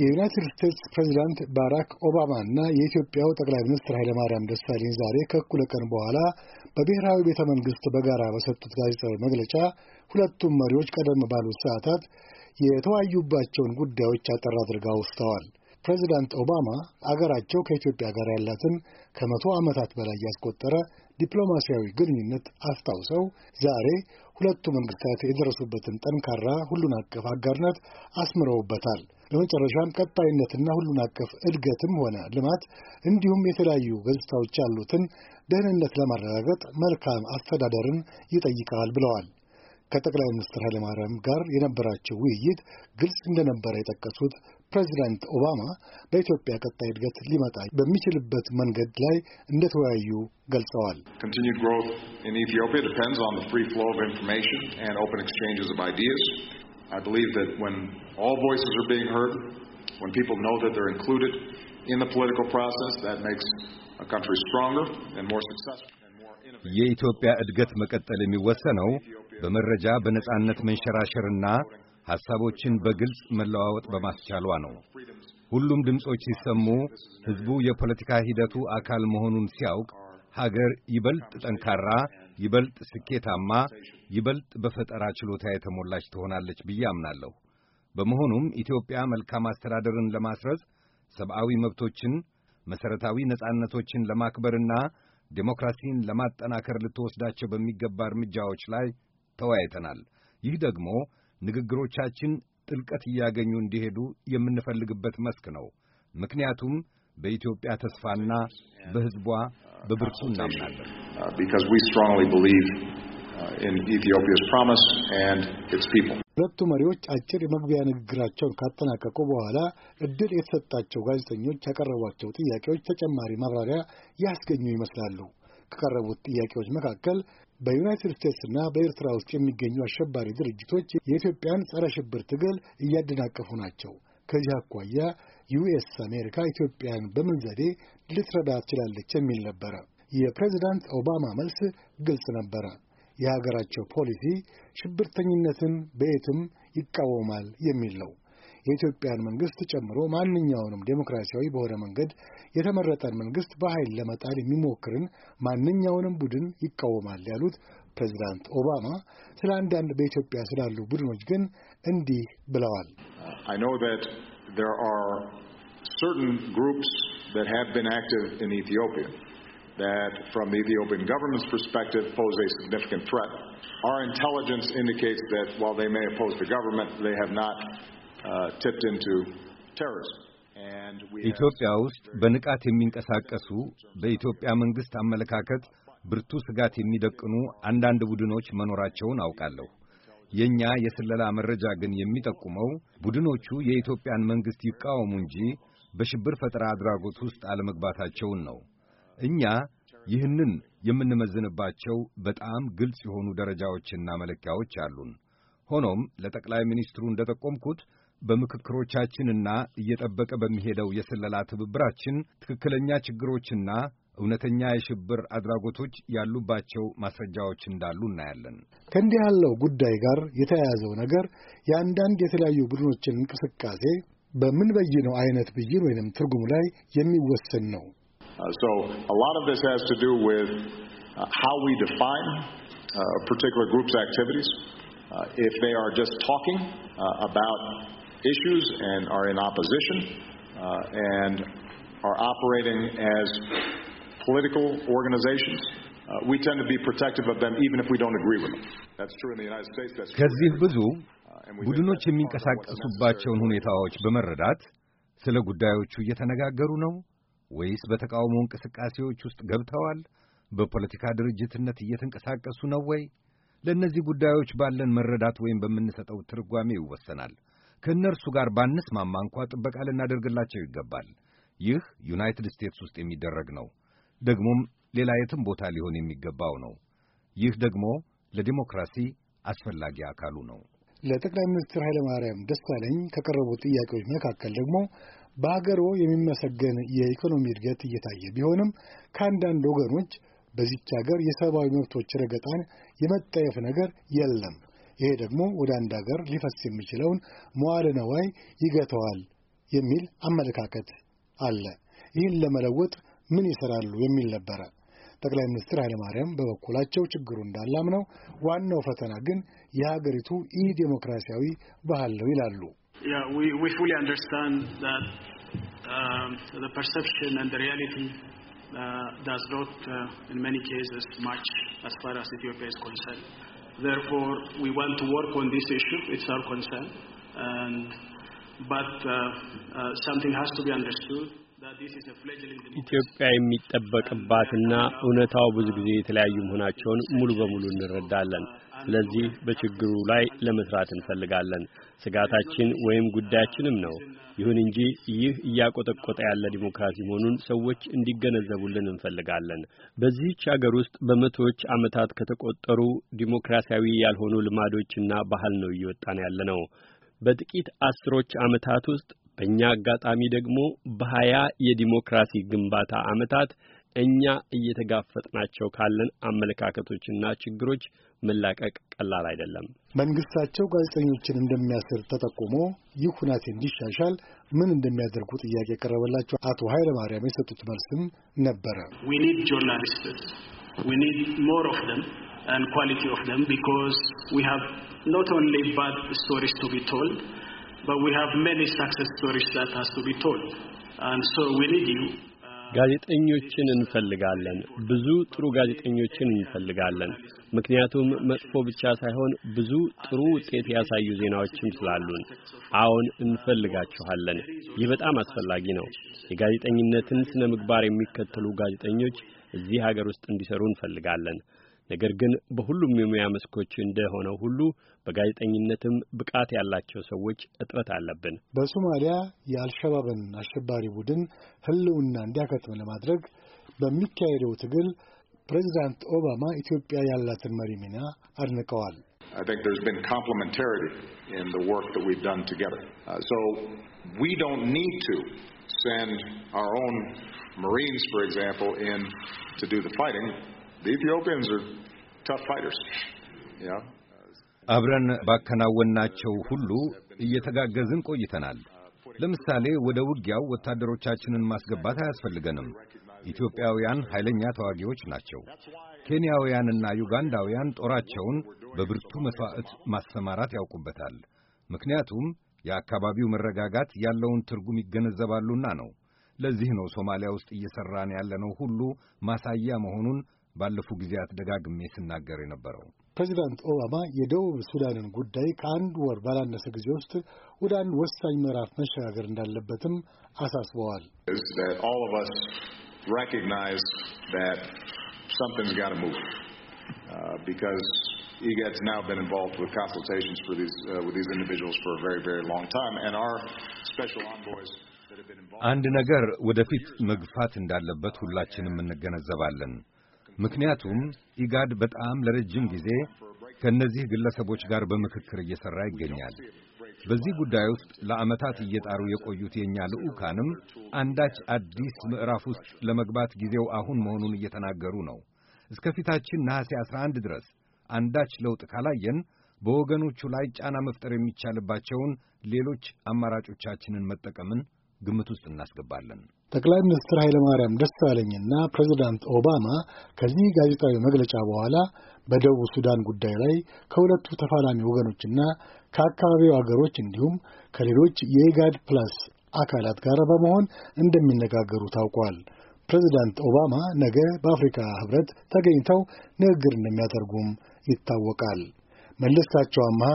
የዩናይትድ ስቴትስ ፕሬዚዳንት ባራክ ኦባማ እና የኢትዮጵያው ጠቅላይ ሚኒስትር ኃይለማርያም ደሳለኝ ዛሬ ከእኩለ ቀን በኋላ በብሔራዊ ቤተ መንግሥት በጋራ በሰጡት ጋዜጣዊ መግለጫ ሁለቱም መሪዎች ቀደም ባሉት ሰዓታት የተወያዩባቸውን ጉዳዮች አጠር አድርጋ ውስተዋል። ፕሬዚዳንት ኦባማ አገራቸው ከኢትዮጵያ ጋር ያላትን ከመቶ ዓመታት በላይ ያስቆጠረ ዲፕሎማሲያዊ ግንኙነት አስታውሰው ዛሬ ሁለቱ መንግስታት የደረሱበትን ጠንካራ ሁሉን አቀፍ አጋርነት አስምረውበታል። በመጨረሻም ቀጣይነትና ሁሉን አቀፍ እድገትም ሆነ ልማት እንዲሁም የተለያዩ ገጽታዎች ያሉትን ደህንነት ለማረጋገጥ መልካም አስተዳደርን ይጠይቃል ብለዋል። ከጠቅላይ ሚኒስትር ኃይለማርያም ጋር የነበራቸው ውይይት ግልጽ እንደነበረ የጠቀሱት ፕሬዚዳንት ኦባማ በኢትዮጵያ ቀጣይ እድገት ሊመጣ በሚችልበት መንገድ ላይ እንደተወያዩ ገልጸዋል። የኢትዮጵያ እድገት መቀጠል የሚወሰነው በመረጃ በነጻነት መንሸራሸርና ሐሳቦችን በግልጽ መለዋወጥ በማስቻሏ ነው። ሁሉም ድምፆች ሲሰሙ ሕዝቡ የፖለቲካ ሂደቱ አካል መሆኑን ሲያውቅ ሀገር ይበልጥ ጠንካራ፣ ይበልጥ ስኬታማ፣ ይበልጥ በፈጠራ ችሎታ የተሞላች ትሆናለች ብዬ አምናለሁ። በመሆኑም ኢትዮጵያ መልካም አስተዳደርን ለማስረጽ ሰብአዊ መብቶችን፣ መሠረታዊ ነጻነቶችን ለማክበርና ዴሞክራሲን ለማጠናከር ልትወስዳቸው በሚገባ እርምጃዎች ላይ ተወያይተናል። ይህ ደግሞ ንግግሮቻችን ጥልቀት እያገኙ እንዲሄዱ የምንፈልግበት መስክ ነው። ምክንያቱም በኢትዮጵያ ተስፋና በሕዝቧ በብርቱ እናምናለን። uh, ሁለቱ መሪዎች አጭር የመግቢያ ንግግራቸውን ካጠናቀቁ በኋላ እድል የተሰጣቸው ጋዜጠኞች ያቀረቧቸው ጥያቄዎች ተጨማሪ ማብራሪያ ያስገኙ ይመስላሉ። ከቀረቡት ጥያቄዎች መካከል በዩናይትድ ስቴትስና በኤርትራ ውስጥ የሚገኙ አሸባሪ ድርጅቶች የኢትዮጵያን ጸረ ሽብር ትግል እያደናቀፉ ናቸው። ከዚህ አኳያ ዩኤስ አሜሪካ ኢትዮጵያን በምን ዘዴ ልትረዳ ትችላለች የሚል ነበረ። የፕሬዚዳንት ኦባማ መልስ ግልጽ ነበረ። የሀገራቸው ፖሊሲ ሽብርተኝነትን በየትም ይቃወማል የሚል ነው። የኢትዮጵያን መንግስት ጨምሮ ማንኛውንም ዴሞክራሲያዊ በሆነ መንገድ የተመረጠን መንግስት በኃይል ለመጣል የሚሞክርን ማንኛውንም ቡድን ይቃወማል ያሉት ፕሬዚዳንት ኦባማ ስለ አንዳንድ በኢትዮጵያ ስላሉ ቡድኖች ግን እንዲህ ብለዋል። Uh, ኢትዮጵያ ውስጥ በንቃት የሚንቀሳቀሱ በኢትዮጵያ መንግስት አመለካከት ብርቱ ስጋት የሚደቅኑ አንዳንድ ቡድኖች መኖራቸውን አውቃለሁ። የእኛ የስለላ መረጃ ግን የሚጠቁመው ቡድኖቹ የኢትዮጵያን መንግስት ይቃወሙ እንጂ በሽብር ፈጠራ አድራጎት ውስጥ አለመግባታቸውን ነው። እኛ ይህንን የምንመዝንባቸው በጣም ግልጽ የሆኑ ደረጃዎችና መለኪያዎች አሉን። ሆኖም ለጠቅላይ ሚኒስትሩ እንደጠቆምኩት በምክክሮቻችንና እየጠበቀ በሚሄደው የስለላ ትብብራችን ትክክለኛ ችግሮችና እውነተኛ የሽብር አድራጎቶች ያሉባቸው ማስረጃዎች እንዳሉ እናያለን። ከእንዲህ ያለው ጉዳይ ጋር የተያያዘው ነገር የአንዳንድ የተለያዩ ቡድኖችን እንቅስቃሴ በምንበይነው አይነት ብይን ወይንም ትርጉም ላይ የሚወሰን ነው። uh, uh, particular group's activities. Uh, if they are issues and are in opposition and are operating as political organizations. We tend to be protective of them even if we don't agree with them. That's true in the United States. That's ከዚህ ብዙ ቡድኖች የሚንቀሳቀሱባቸውን ሁኔታዎች በመረዳት ስለ ጉዳዮቹ እየተነጋገሩ ነው ወይስ በተቃውሞ እንቅስቃሴዎች ውስጥ ገብተዋል? በፖለቲካ ድርጅትነት እየተንቀሳቀሱ ነው ወይ? ለእነዚህ ጉዳዮች ባለን መረዳት ወይም በምንሰጠው ትርጓሜ ይወሰናል። ከእነርሱ ጋር ባንስማማ እንኳ ጥበቃ ልናደርግላቸው ይገባል። ይህ ዩናይትድ ስቴትስ ውስጥ የሚደረግ ነው፣ ደግሞም ሌላ የትም ቦታ ሊሆን የሚገባው ነው። ይህ ደግሞ ለዲሞክራሲ አስፈላጊ አካሉ ነው። ለጠቅላይ ሚኒስትር ኃይለማርያም ደሳለኝ ከቀረቡ ጥያቄዎች መካከል ደግሞ በሀገሮ የሚመሰገን የኢኮኖሚ እድገት እየታየ ቢሆንም ከአንዳንድ ወገኖች በዚች ሀገር የሰብአዊ መብቶች ረገጣን የመጠየፍ ነገር የለም ይሄ ደግሞ ወደ አንድ ሀገር ሊፈስ የሚችለውን መዋዕለ ነዋይ ይገተዋል የሚል አመለካከት አለ። ይህን ለመለወጥ ምን ይሰራሉ የሚል ነበረ። ጠቅላይ ሚኒስትር ኃይለማርያም በበኩላቸው ችግሩ እንዳላም ነው፣ ዋናው ፈተና ግን የሀገሪቱ ኢ ዴሞክራሲያዊ ባህል ነው ይላሉ። Therefore, we want to work on this issue. It's our concern. And, but uh, uh, something has to be understood. ኢትዮጵያ የሚጠበቅባትና እውነታው ብዙ ጊዜ የተለያዩ መሆናቸውን ሙሉ በሙሉ እንረዳለን። ስለዚህ በችግሩ ላይ ለመስራት እንፈልጋለን። ስጋታችን ወይም ጉዳያችንም ነው። ይሁን እንጂ ይህ እያቆጠቆጠ ያለ ዲሞክራሲ መሆኑን ሰዎች እንዲገነዘቡልን እንፈልጋለን። በዚህች አገር ውስጥ በመቶዎች ዓመታት ከተቆጠሩ ዲሞክራሲያዊ ያልሆኑ ልማዶችና ባህል ነው እየወጣን ያለ ነው። በጥቂት አስሮች ዓመታት ውስጥ በእኛ አጋጣሚ ደግሞ በሀያ የዲሞክራሲ ግንባታ ዓመታት እኛ እየተጋፈጥናቸው ካለን አመለካከቶችና ችግሮች መላቀቅ ቀላል አይደለም። መንግስታቸው ጋዜጠኞችን እንደሚያስር ተጠቁሞ ይህ ሁናቴ እንዲሻሻል ምን እንደሚያደርጉ ጥያቄ የቀረበላቸው አቶ ኃይለማርያም የሰጡት መልስም ነበረ። ኖት ኦንሊ ባድ ስቶሪስ ቱ ቢ ቶልድ ጋዜጠኞችን እንፈልጋለን። ብዙ ጥሩ ጋዜጠኞችን እንፈልጋለን። ምክንያቱም መጥፎ ብቻ ሳይሆን ብዙ ጥሩ ውጤት ያሳዩ ዜናዎችም ስላሉን፣ አዎን እንፈልጋችኋለን። ይህ በጣም አስፈላጊ ነው። የጋዜጠኝነትን ስነ ምግባር የሚከተሉ ጋዜጠኞች እዚህ ሀገር ውስጥ እንዲሰሩ እንፈልጋለን። ነገር ግን በሁሉም የሙያ መስኮች እንደሆነው ሁሉ በጋዜጠኝነትም ብቃት ያላቸው ሰዎች እጥረት አለብን። በሶማሊያ የአልሸባብን አሸባሪ ቡድን ሕልውና እንዲያከትም ለማድረግ በሚካሄደው ትግል ፕሬዚዳንት ኦባማ ኢትዮጵያ ያላትን መሪ ሚና አድንቀዋል። ሪ The Ethiopians are tough fighters. Yeah. አብረን ባከናወናቸው ሁሉ እየተጋገዝን ቆይተናል። ለምሳሌ ወደ ውጊያው ወታደሮቻችንን ማስገባት አያስፈልገንም። ኢትዮጵያውያን ኃይለኛ ተዋጊዎች ናቸው። ኬንያውያንና ዩጋንዳውያን ጦራቸውን በብርቱ መሥዋዕት ማሰማራት ያውቁበታል። ምክንያቱም የአካባቢው መረጋጋት ያለውን ትርጉም ይገነዘባሉና ነው። ለዚህ ነው ሶማሊያ ውስጥ እየሠራን ያለነው ሁሉ ማሳያ መሆኑን ባለፉ ጊዜያት ደጋግሜ ስናገር የነበረው። ፕሬዚዳንት ኦባማ የደቡብ ሱዳንን ጉዳይ ከአንድ ወር ባላነሰ ጊዜ ውስጥ ወደ አንድ ወሳኝ ምዕራፍ መሸጋገር እንዳለበትም አሳስበዋል። EGAD's uh, e e uh, አንድ ነገር ወደፊት መግፋት እንዳለበት ሁላችንም እንገነዘባለን። ምክንያቱም ኢጋድ በጣም ለረጅም ጊዜ ከእነዚህ ግለሰቦች ጋር በምክክር እየሠራ ይገኛል። በዚህ ጉዳይ ውስጥ ለዓመታት እየጣሩ የቆዩት የእኛ ልዑካንም አንዳች አዲስ ምዕራፍ ውስጥ ለመግባት ጊዜው አሁን መሆኑን እየተናገሩ ነው። እስከ ፊታችን ነሐሴ 11 ድረስ አንዳች ለውጥ ካላየን በወገኖቹ ላይ ጫና መፍጠር የሚቻልባቸውን ሌሎች አማራጮቻችንን መጠቀምን ግምት ውስጥ እናስገባለን። ጠቅላይ ሚኒስትር ኃይለማርያም ደሳለኝና ፕሬዚዳንት ኦባማ ከዚህ ጋዜጣዊ መግለጫ በኋላ በደቡብ ሱዳን ጉዳይ ላይ ከሁለቱ ተፋላሚ ወገኖችና ከአካባቢው አገሮች እንዲሁም ከሌሎች የኢጋድ ፕላስ አካላት ጋር በመሆን እንደሚነጋገሩ ታውቋል። ፕሬዚዳንት ኦባማ ነገ በአፍሪካ ህብረት ተገኝተው ንግግር እንደሚያደርጉም ይታወቃል። መለስካቸው አምሃ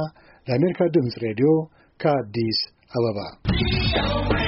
ለአሜሪካ ድምፅ ሬዲዮ ከአዲስ አበባ